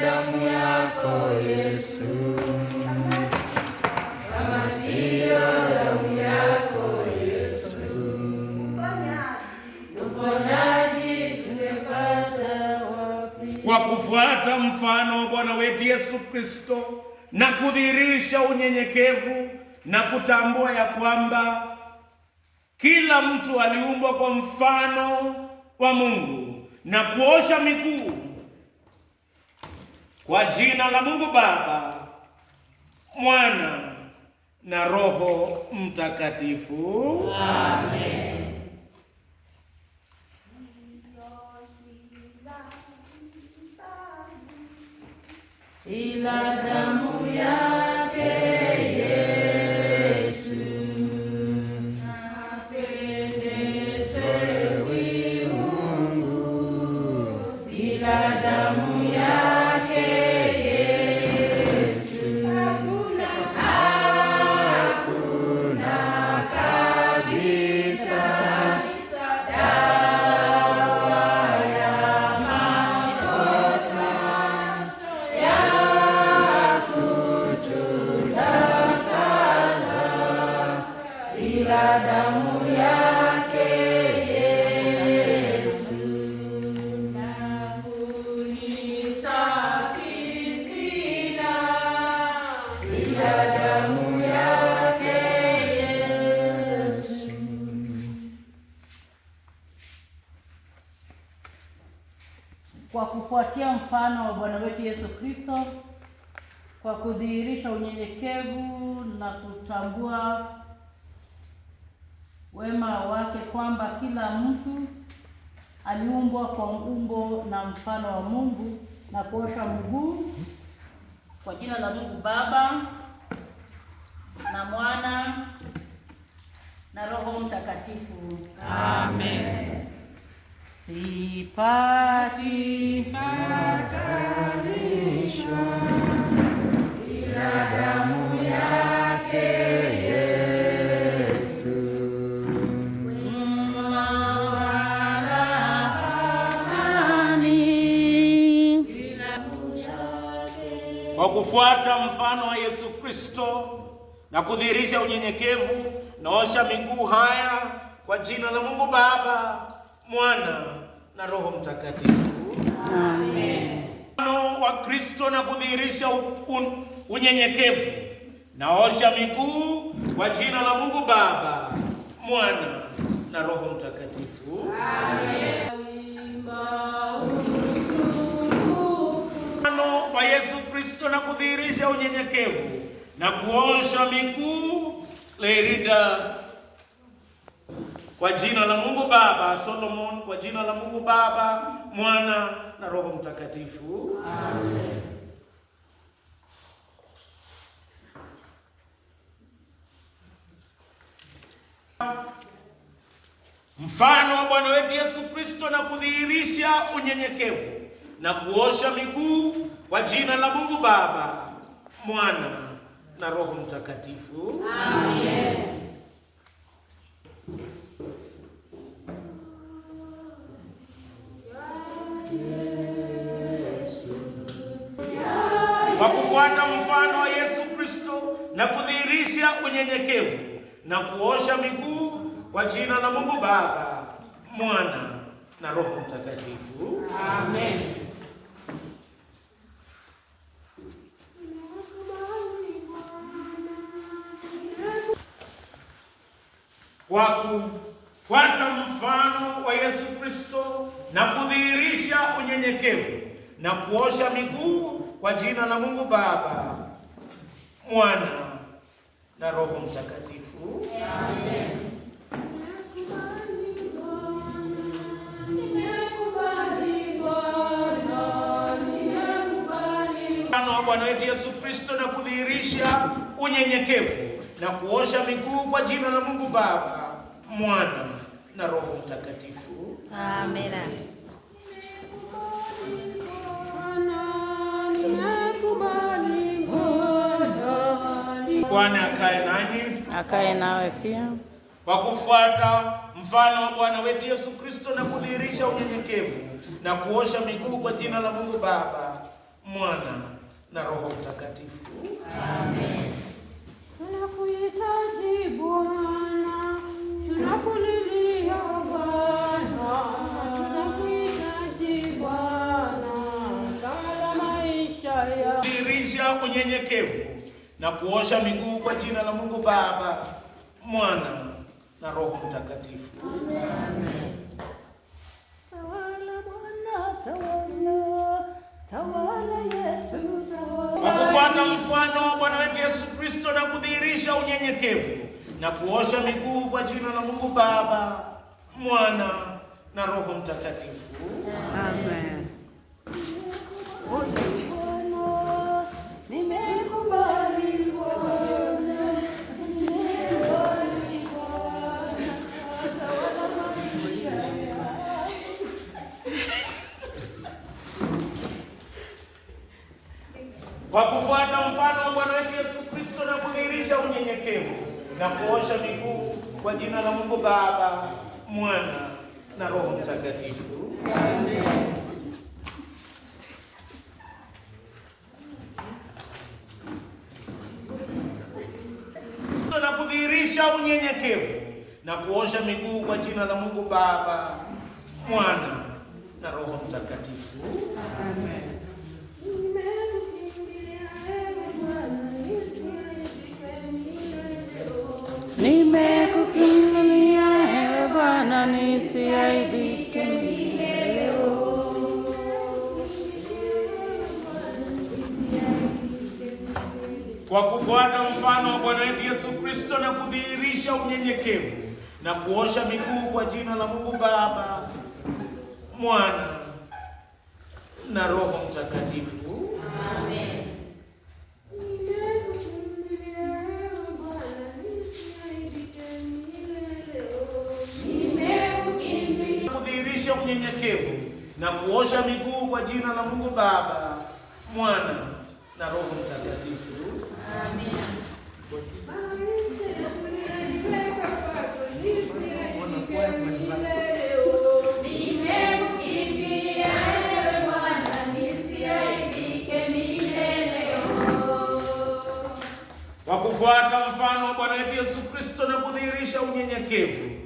damu yako Yesu, Kwa kufuata mfano wa Bwana wetu Yesu Kristo na kudhihirisha unyenyekevu na kutambua ya kwamba kila mtu aliumbwa kwa mfano wa Mungu na kuosha miguu kwa jina la Mungu Baba, Mwana na Roho Mtakatifu, Amen. Ila damu ya mfano wa Bwana wetu Yesu Kristo kwa kudhihirisha unyenyekevu na kutambua wema wake kwamba kila mtu aliumbwa kwa umbo na mfano wa Mungu na kuosha mguu kwa jina la Mungu Baba na Mwana na Roho Mtakatifu. Amen sipati ila damu yake Yesu. Kwa kufuata mfano wa Yesu Kristo na kudhihirisha unyenyekevu, naosha miguu haya kwa jina la Mungu Baba Mwana na Roho Mtakatifu. Amen. Mfano wa Kristo na kudhihirisha unyenyekevu, naosha miguu kwa jina la Mungu Baba, Mwana na Roho Mtakatifu. Amen. Mfano wa Yesu Kristo na kudhihirisha unyenyekevu na kuosha miguu lerida kwa jina la Mungu Baba, Solomon. Kwa jina la Mungu Baba, Mwana na Roho Mtakatifu, amen. Mfano wa Bwana wetu Yesu Kristo na kudhihirisha unyenyekevu na kuosha miguu kwa jina la Mungu Baba, Mwana na Roho Mtakatifu, amen. na kudhihirisha unyenyekevu na kuosha miguu kwa jina la Mungu Baba, Mwana na Roho Mtakatifu. Amen. Kwa kufuata mfano wa Yesu Kristo na kudhihirisha unyenyekevu na kuosha miguu kwa jina la Mungu Baba, Mwana na Roho Mtakatifu. Amen. Bwana wetu Yesu Kristo na kudhihirisha unyenyekevu na kuosha miguu kwa jina la Mungu Baba, Mwana na Roho Mtakatifu. Amen. Amen. Bwana akae nanyi, akae nawe pia, kwa kufuata mfano wa Bwana wetu Yesu Kristo na kudhihirisha unyenyekevu na kuosha miguu kwa jina la Mungu Baba, Mwana na Roho Mtakatifu. Amen. Tunakuhitaji Bwana, tunakulilia Bwana, tunakuhitaji Bwana, kala maisha ya kudhihirisha unyenyekevu na kuosha miguu kwa jina la Mungu Baba, Mwana na Roho Mtakatifu. Amen. Kwa kufuata mfano wa Bwana wetu Yesu Kristo na kudhihirisha unyenyekevu na kuosha miguu kwa jina la Mungu Baba, Mwana na Roho Mtakatifu. Amen. Amen. kwa kufuata mfano wa Bwana wetu Yesu Kristo na kudhihirisha unyenyekevu na kuosha miguu kwa jina la Mungu Baba, Mwana na Roho Mtakatifu. Amen. kudhihirisha unyenyekevu na kuosha miguu kwa jina la Mungu Baba, Mwana na Roho Mtakatifu. Amen. Nimekukimbilia ewe Bwana, nisiaibike Kwa kufuata mfano wa Bwana wetu Yesu Kristo na kudhihirisha unyenyekevu na kuosha miguu kwa jina la Mungu Baba, Mwana na Roho Mtakatifu. unyenyekevu na kuosha miguu kwa jina la Mungu Baba, Mwana na Roho Mtakatifu. Amen. Kwa kufuata mfano wa Bwana Yesu Kristo na kudhihirisha unyenyekevu